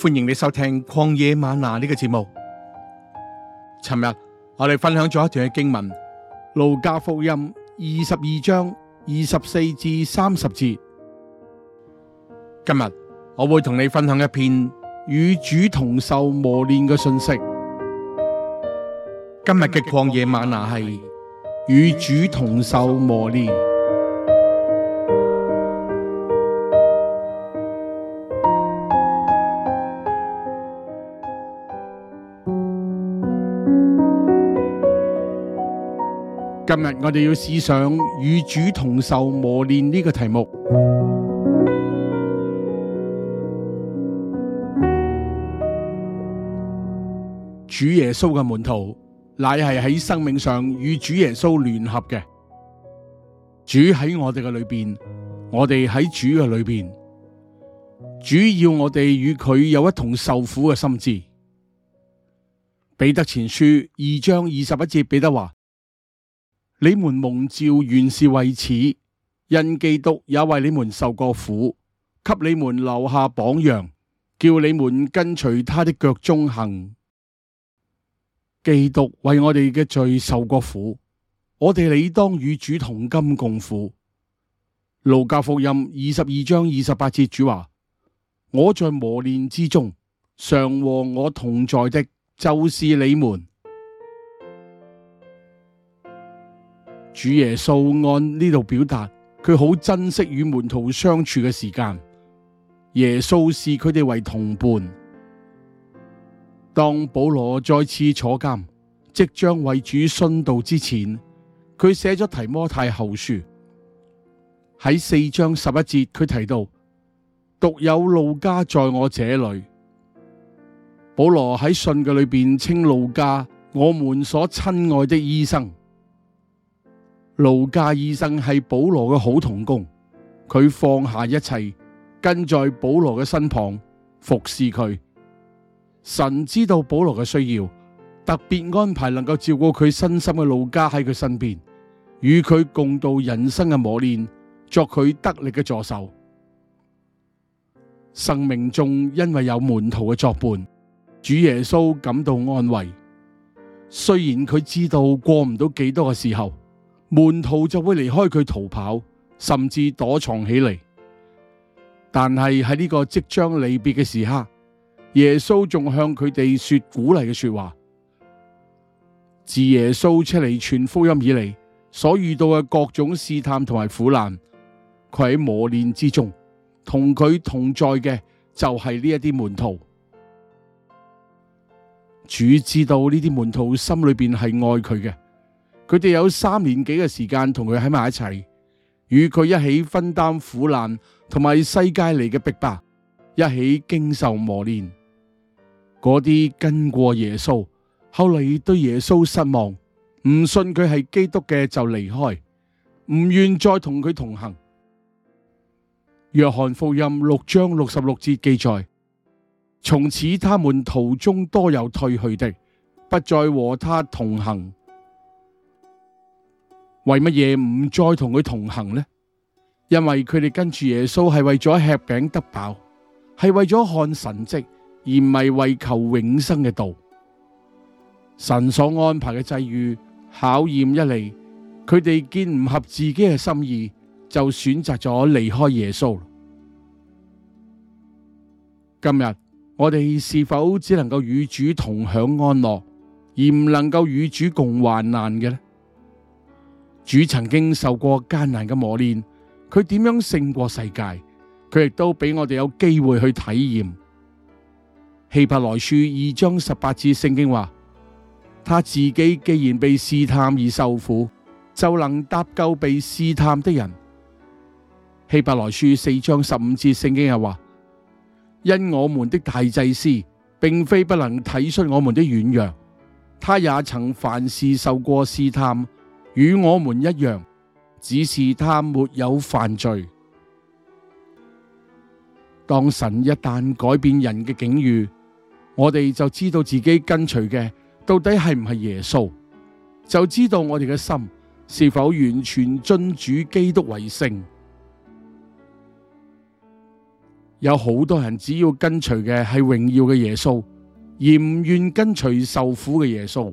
歡迎你收聽曠野嗎哪呢個節目。尋日我哋分享咗一段嘅經文《路加福音》二十二章二十四至三十節。今日我會同你分享一篇與主同受磨練嘅信息。今日嘅曠野嗎哪係與主同受磨練。今日我哋要思想與主同受磨練呢個題目。主耶穌嘅門徒，乃係喺生命上與主耶穌聯合嘅。主喺我哋嘅裏邊，我哋喺主嘅裏邊，主要我哋與佢有一同受苦嘅心志。彼得前書二章二十一節，彼得話。你們蒙召原是為此，因基督也為你們受過苦，給你們留下榜樣，叫你們跟隨他的腳蹤行。基督為我哋嘅罪受過苦，我哋理當與主同甘共苦。路加福音二十二章二十八節，主話：我在磨練之中，常和我同在的，就是你們。主耶穌按呢度表達，佢好珍惜與門徒相處嘅時間。耶穌視佢哋為同伴。當保羅再次坐監，即將為主殉道之前，佢寫咗提摩太後書喺四章十一節，佢提到獨有路加在我這裏。保羅喺信嘅裏邊稱路加，我們所親愛的醫生。路加醫生係保羅嘅好同工，佢放下一切跟在保羅嘅身旁服侍佢。神知道保羅嘅需要，特別安排能夠照顧佢身心嘅路加喺佢身邊，與佢共度人生嘅磨練，作佢得力嘅助手。生命中因為有門徒嘅作伴，主耶穌感到安慰。雖然佢知道過唔到幾多嘅時候。門徒就會離開佢逃跑，甚至躲藏起嚟。但係喺呢個即將離別嘅時刻，耶穌仲向佢哋說鼓勵嘅說話。自耶穌出嚟傳福音以嚟，所遇到嘅各種試探同埋苦難，佢喺磨練之中。同佢同在嘅就係呢一啲門徒。主知道呢啲門徒心裏邊係愛佢嘅。佢哋有三年幾嘅時間同佢喺埋一齊，與佢一起分擔苦難同埋世界嚟嘅逼迫，一起經受磨練。嗰啲跟過耶穌，後來對耶穌失望，唔信佢係基督嘅就離開，唔願再同佢同行。約翰福音六章六十六節記載：從此他們途中多有退去的，不再和他同行。為乜嘢唔再同佢同行呢？因為佢哋跟住耶穌係為咗吃餅得飽，係為咗看神跡，而唔係為求永生嘅道。神所安排嘅際遇考驗一嚟，佢哋見唔合自己嘅心意，就選擇咗離開耶穌。今日我哋是否只能夠與主同享安樂，而唔能夠與主共患難嘅呢？主曾經受過艱難嘅磨練，佢點樣勝過世界？佢亦都俾我哋有機會去體驗。希伯來書二章十八節聖經話：他自己既然被試探而受苦，就能搭救被試探的人。希伯來書四章十五節聖經又話：因我們的大祭司並非不能體恤我們的軟弱，他也曾凡事受過試探。與我們一樣，只是他沒有犯罪。當神一旦改變人嘅境遇，我哋就知道自己跟隨嘅到底係唔係耶穌，就知道我哋嘅心是否完全尊主基督為聖。有好多人只要跟隨嘅係榮耀嘅耶穌，而唔願跟隨受苦嘅耶穌。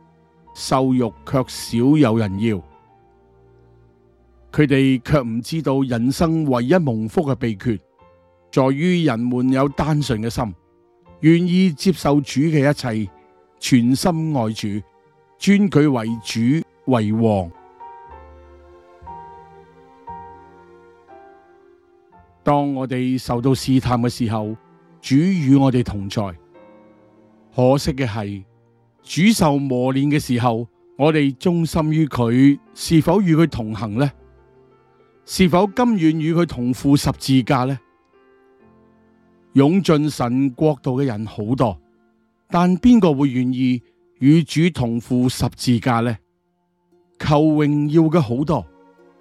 受辱却少有人要，佢哋却唔知道人生唯一蒙福嘅秘訣，在於人們有單純嘅心，願意接受主嘅一切，全心愛主，尊佢為主為王。當我哋受到試探嘅時候，主與我哋同在。可惜嘅係。主受磨練嘅時候，我哋忠心於佢，是否與佢同行呢？是否甘願與佢同赴十字架呢？湧進神國度嘅人好多，但邊個會願意與主同赴十字架呢？求榮耀嘅好多，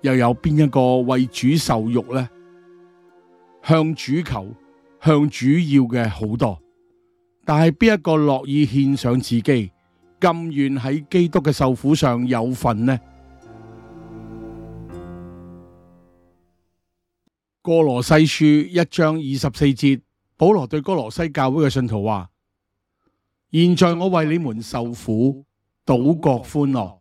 又有邊一個為主受辱呢？向主求，向主要嘅好多。但係邊一個樂意獻上自己，甘願喺基督嘅受苦上有份呢？哥羅西書一章二十四節，保羅對哥羅西教會嘅信徒話：現在我為你們受苦，倒覺歡樂，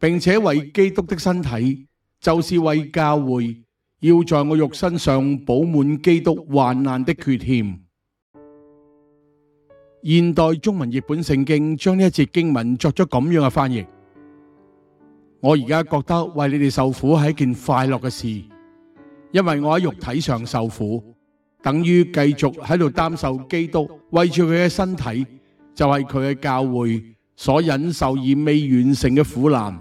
並且為基督的身體，就是為教會，要在我肉身上補滿基督患難的缺欠。」現代中文譯本聖經將呢一節經文作咗咁樣嘅翻譯。我而家覺得為你哋受苦係一件快樂嘅事，因為我喺肉體上受苦，等於繼續喺度擔受基督為住佢嘅身體，就係佢嘅教會所忍受而未完成嘅苦難。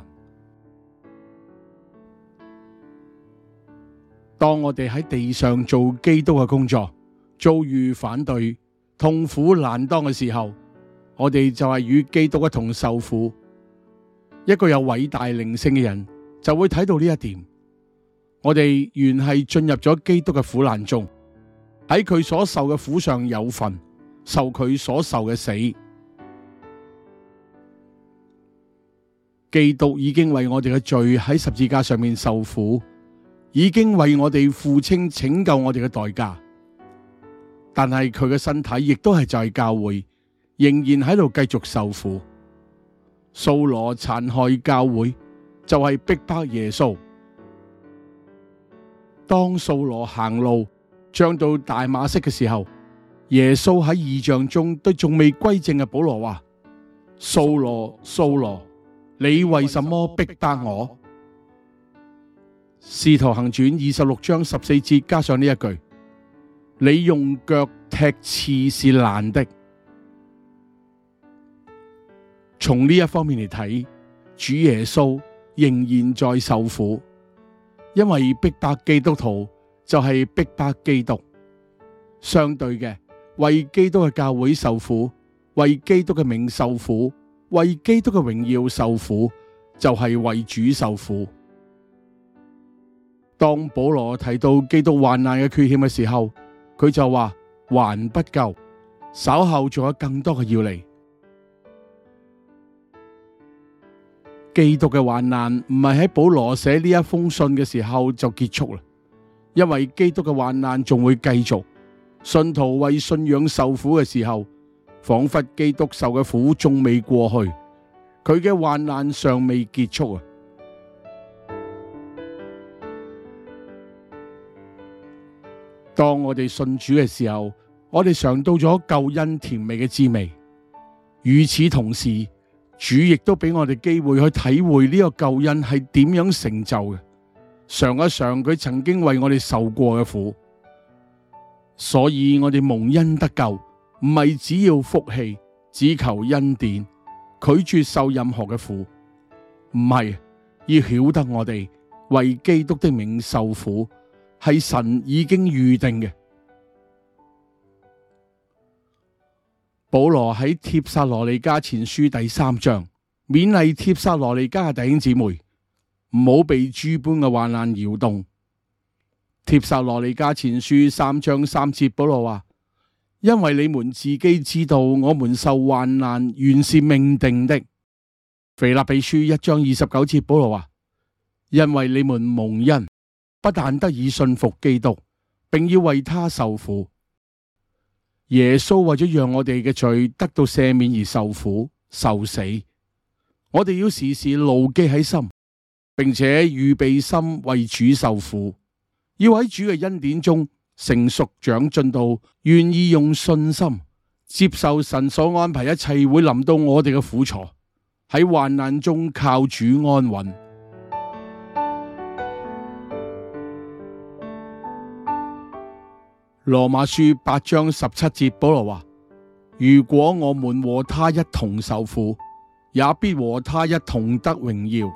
當我哋喺地上做基督嘅工作，遭遇反對痛苦難當嘅時候，我哋就係與基督一同受苦。一個有偉大靈性嘅人就會睇到呢一點。我哋原係進入咗基督嘅苦難中，喺佢所受嘅苦上有份，受佢所受嘅死。基督已經為我哋嘅罪喺十字架上面受苦，已經為我哋付清拯救我哋嘅代價。但係佢嘅身體亦都係在教會，仍然喺度繼續受苦。掃羅殘害教會，就係逼迫耶穌。當掃羅行路將到大馬色嘅時候，耶穌喺異象中對仲未歸正嘅保羅話：掃羅，掃羅，你為什麼逼得我？《使徒行傳二十六章十四節》加上呢一句。你用腳踢刺是難的，從呢一方面嚟睇，主耶穌仍然在受苦，因為逼迫基督徒就係逼迫基督。相對嘅，為基督嘅教會受苦，為基督嘅名受苦，為基督嘅榮耀受苦，就係、是、為主受苦。當保羅提到基督患難嘅缺陷嘅時候，佢就話還不夠，稍後仲有更多嘅要嚟。基督嘅患難唔係喺保羅寫呢一封信嘅時候就結束啦，因為基督嘅患難仲會繼續。信徒為信仰受苦嘅時候，仿佛基督受嘅苦仲未過去，佢嘅患難尚未結束啊。當我哋信主嘅時候，我哋嘗到咗救恩甜美嘅滋味。與此同時，主亦都俾我哋機會去體會呢個救恩係點樣成就嘅。嘗一嘗佢曾經為我哋受過嘅苦，所以我哋蒙恩得救，唔係只要福氣，只求恩典，拒絕受任何嘅苦，唔係，要曉得我哋為基督的名受苦。係神已經預定嘅。保羅喺帖撒羅尼加前書第三章勉勵帖撒羅尼加嘅弟兄姊妹，唔好被諸般嘅患難搖動。帖撒羅尼加前書三章三節，保羅話：因為你們自己知道，我們受患難原是命定的。腓立比書一章二十九節，保羅話：因為你們蒙恩。不但得以信服基督，並要為他受苦。耶穌為咗讓我哋嘅罪得到赦免而受苦受死。我哋要時時牢記喺心，並且預備心為主受苦，要喺主嘅恩典中成熟長進到，願意用信心接受神所安排一切會臨到我哋嘅苦楚，喺患難中靠主安穩。羅馬書八章十七節，保羅話：如果我們和他一同受苦，也必和他一同得榮耀，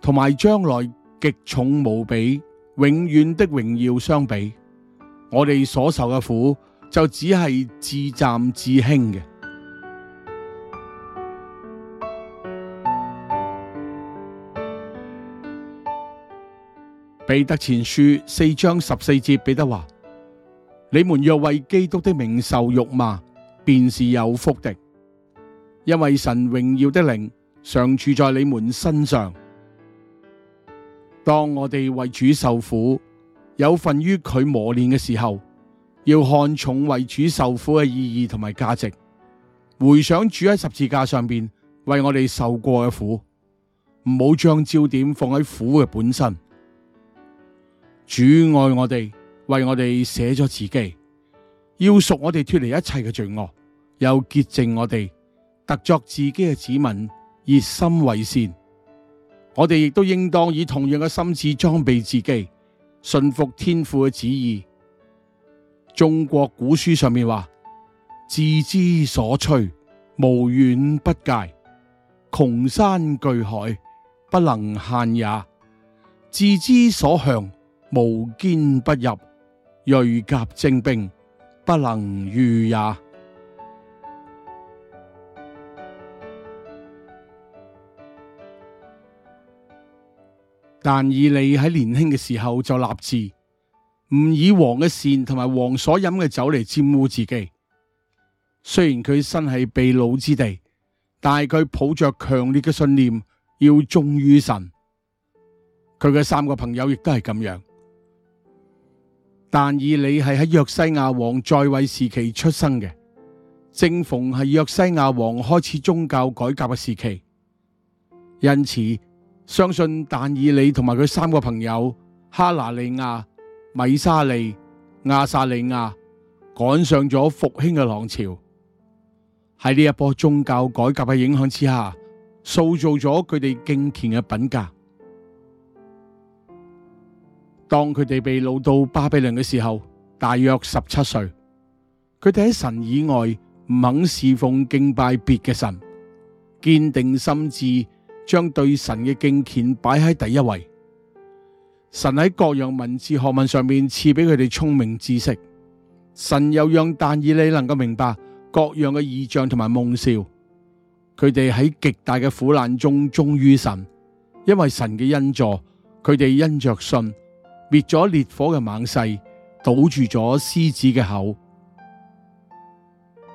同埋將來極重無比、永遠的榮耀相比，我哋所受嘅苦就只係至暫至輕嘅。彼得前書四章十四節，彼得話。你們若為基督的名受辱罵，便是有福的，因為神榮耀的靈常住在你們身上。當我哋為主受苦，有份於佢磨練嘅時候，要看重為主受苦嘅意義同埋價值，回想主喺十字架上邊為我哋受過嘅苦，唔好將焦點放喺苦嘅本身。主愛我哋。為我哋捨咗自己，要贖我哋脱離一切嘅罪惡，又潔淨我哋，特作自己嘅子民，熱心為善。我哋亦都應當以同樣嘅心志裝備自己，順服天父嘅旨意。中國古書上面話：志之所趨，無遠不屆；窮山巨海，不能限也。志之所向，無堅不入。銳甲精兵不能御也。但以理喺年輕嘅時候就立志，唔以王嘅膳同埋王所飲嘅酒嚟玷污自己。雖然佢身係被擄之地，但係佢抱着強烈嘅信念要忠於神。佢嘅三個朋友亦都係咁樣。但以理係喺約西亞王在位時期出生嘅，正逢係約西亞王開始宗教改革嘅時期，因此相信但以理同埋佢三個朋友哈拿利亞、米沙利、亞撒利亞趕上咗復興嘅浪潮，喺呢一波宗教改革嘅影響之下，塑造咗佢哋敬虔嘅品格。當佢哋被擄到巴比倫嘅時候，大約十七歲，佢哋喺神以外，唔肯侍奉敬拜別嘅神，堅定心智，將對神嘅敬虔擺喺第一位。神喺各樣文字學問上面賜俾佢哋聰明知識，神又讓但以理能夠明白各樣嘅異象同埋夢兆。佢哋喺極大嘅苦難中忠於神，因為神嘅恩助，佢哋因着信。滅咗烈火嘅猛勢，堵住咗獅子嘅口。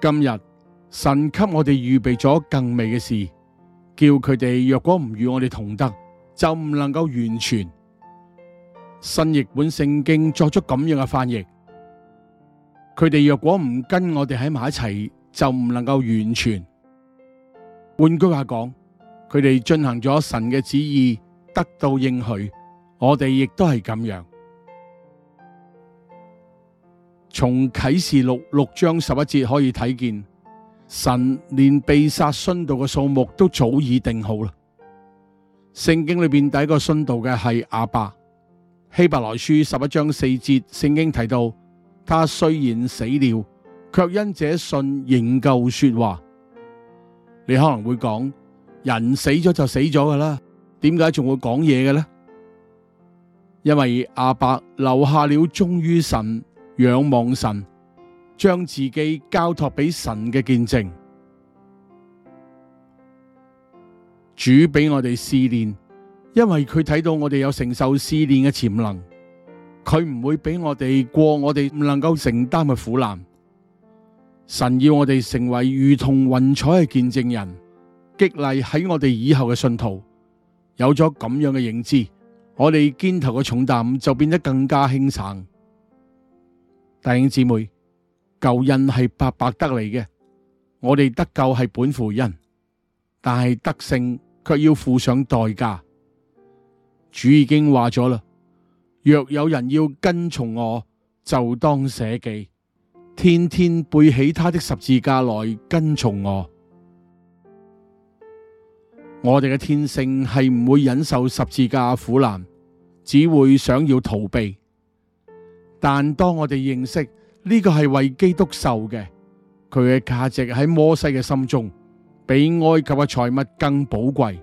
今日神給我哋預備咗更美嘅事，叫佢哋若果唔與我哋同得，就唔能夠完全。新譯本聖經作出咁樣嘅翻譯，佢哋若果唔跟我哋喺埋一齊，就唔能夠完全。換句話講，佢哋進行咗神嘅旨意，得到應許。我哋亦都係咁樣，從啟示錄六章十一節可以睇見，神連被殺殉道嘅數目都早已定好啦。聖經裏邊第一個殉道嘅係亞伯，希伯來書十一章四節，聖經提到他雖然死了，卻因這信仍舊說話。你可能會講，人死咗就死咗㗎啦，點解仲會講嘢嘅咧？因為阿伯留下了忠於神、仰望神、將自己交託畀神嘅見證，主畀我哋試煉，因為佢睇到我哋有承受試煉嘅潛能，佢唔會畀我哋過，我哋唔能夠承擔嘅苦難。神要我哋成為如同雲彩嘅見證人，激勵喺我哋以後嘅信徒有咗咁樣嘅認知。我哋肩頭嘅重擔就變得更加輕省，弟兄姊妹，救恩係白白得嚟嘅，我哋得救係本乎恩，但係得勝卻要付上代價。主已經話咗啦，若有人要跟從我，就當捨己，天天背起他的十字架來跟從我。我哋嘅天性係唔會忍受十字架苦難，只會想要逃避。但當我哋認識呢、這個係為基督受嘅，佢嘅價值喺摩西嘅心中，比埃及嘅財物更寶貴，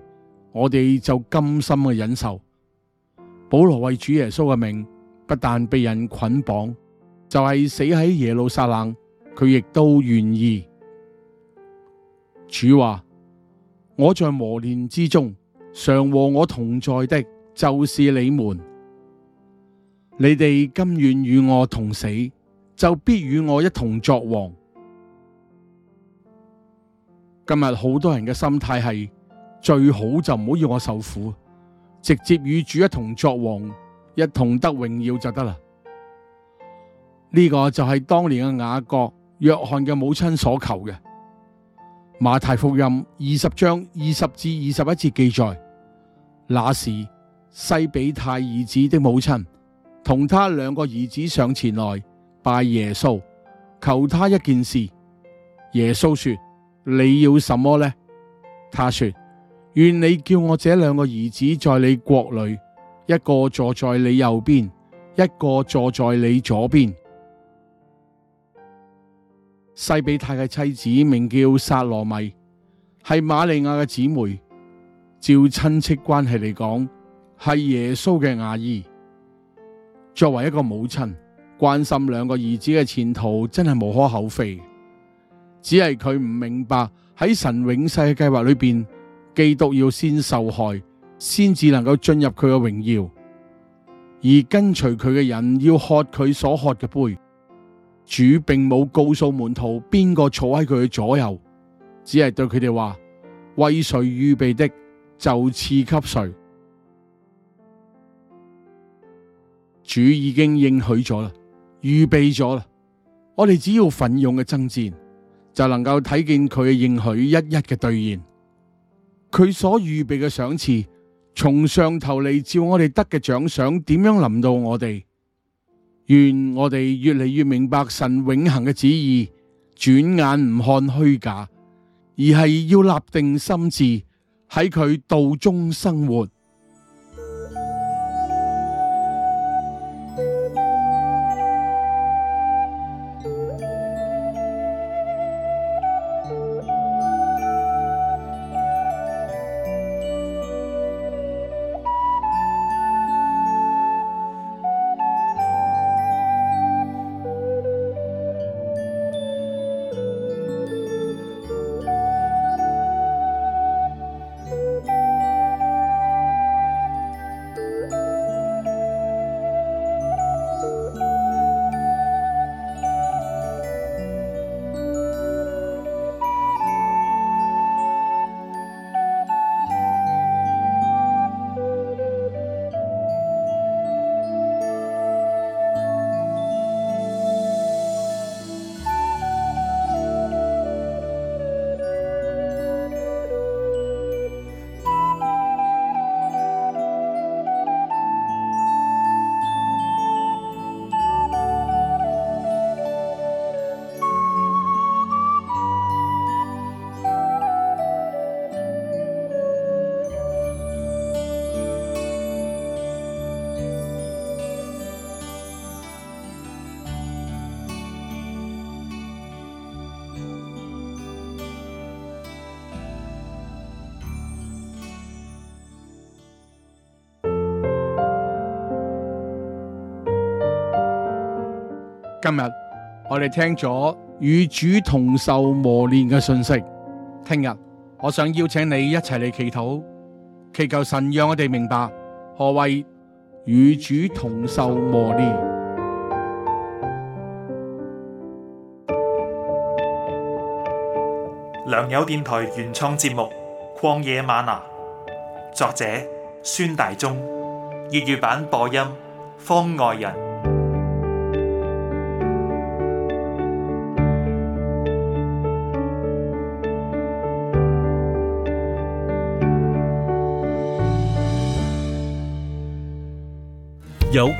我哋就甘心去忍受。保羅為主耶穌嘅名，不但被人捆綁，就係、是、死喺耶路撒冷，佢亦都願意。主話。我在磨練之中，常和我同在的，就是你們。你哋甘願與我同死，就必與我一同作王。今日好多人嘅心態係最好就唔好要，要我受苦，直接與主一同作王，一同得榮耀就得啦。呢個就係當年嘅雅各、約翰嘅母親所求嘅。馬太福音二十章二十至二十一節記載：那時，西比太兒子的母親同他兩個兒子上前來拜耶穌，求他一件事。耶穌說：你要什麼呢？他說：願你叫我這兩個兒子在你國裏，一個坐在你右邊，一個坐在你左邊。西庇太嘅妻子名叫撒羅米，係瑪利亞嘅姊妹，照親戚關係嚟講，係耶穌嘅阿姨。作為一個母親，關心兩個兒子嘅前途真係無可厚非，只係佢唔明白喺神永世嘅計劃裏邊，基督要先受害，先至能夠進入佢嘅榮耀，而跟隨佢嘅人要喝佢所喝嘅杯。主並冇告訴門徒邊個坐喺佢嘅左右，只係對佢哋話：為誰預備的就賜給誰。主已經應許咗啦，預備咗啦，我哋只要奮勇嘅爭戰，就能夠睇見佢嘅應許一一嘅兌現，佢所預備嘅賞賜，從上頭嚟照我哋得嘅獎賞，點樣臨到我哋。願我哋越嚟越明白神永恆嘅旨意，轉眼唔看虛假，而係要立定心志喺佢道中生活。今日我哋聽咗與主同受磨練嘅信息，聽日我想邀請你一齊嚟祈禱，祈求神讓我哋明白何謂與主同受磨練。良友電台原創節目《曠野嗎哪》，作者孫大中，粵語版播音方外人。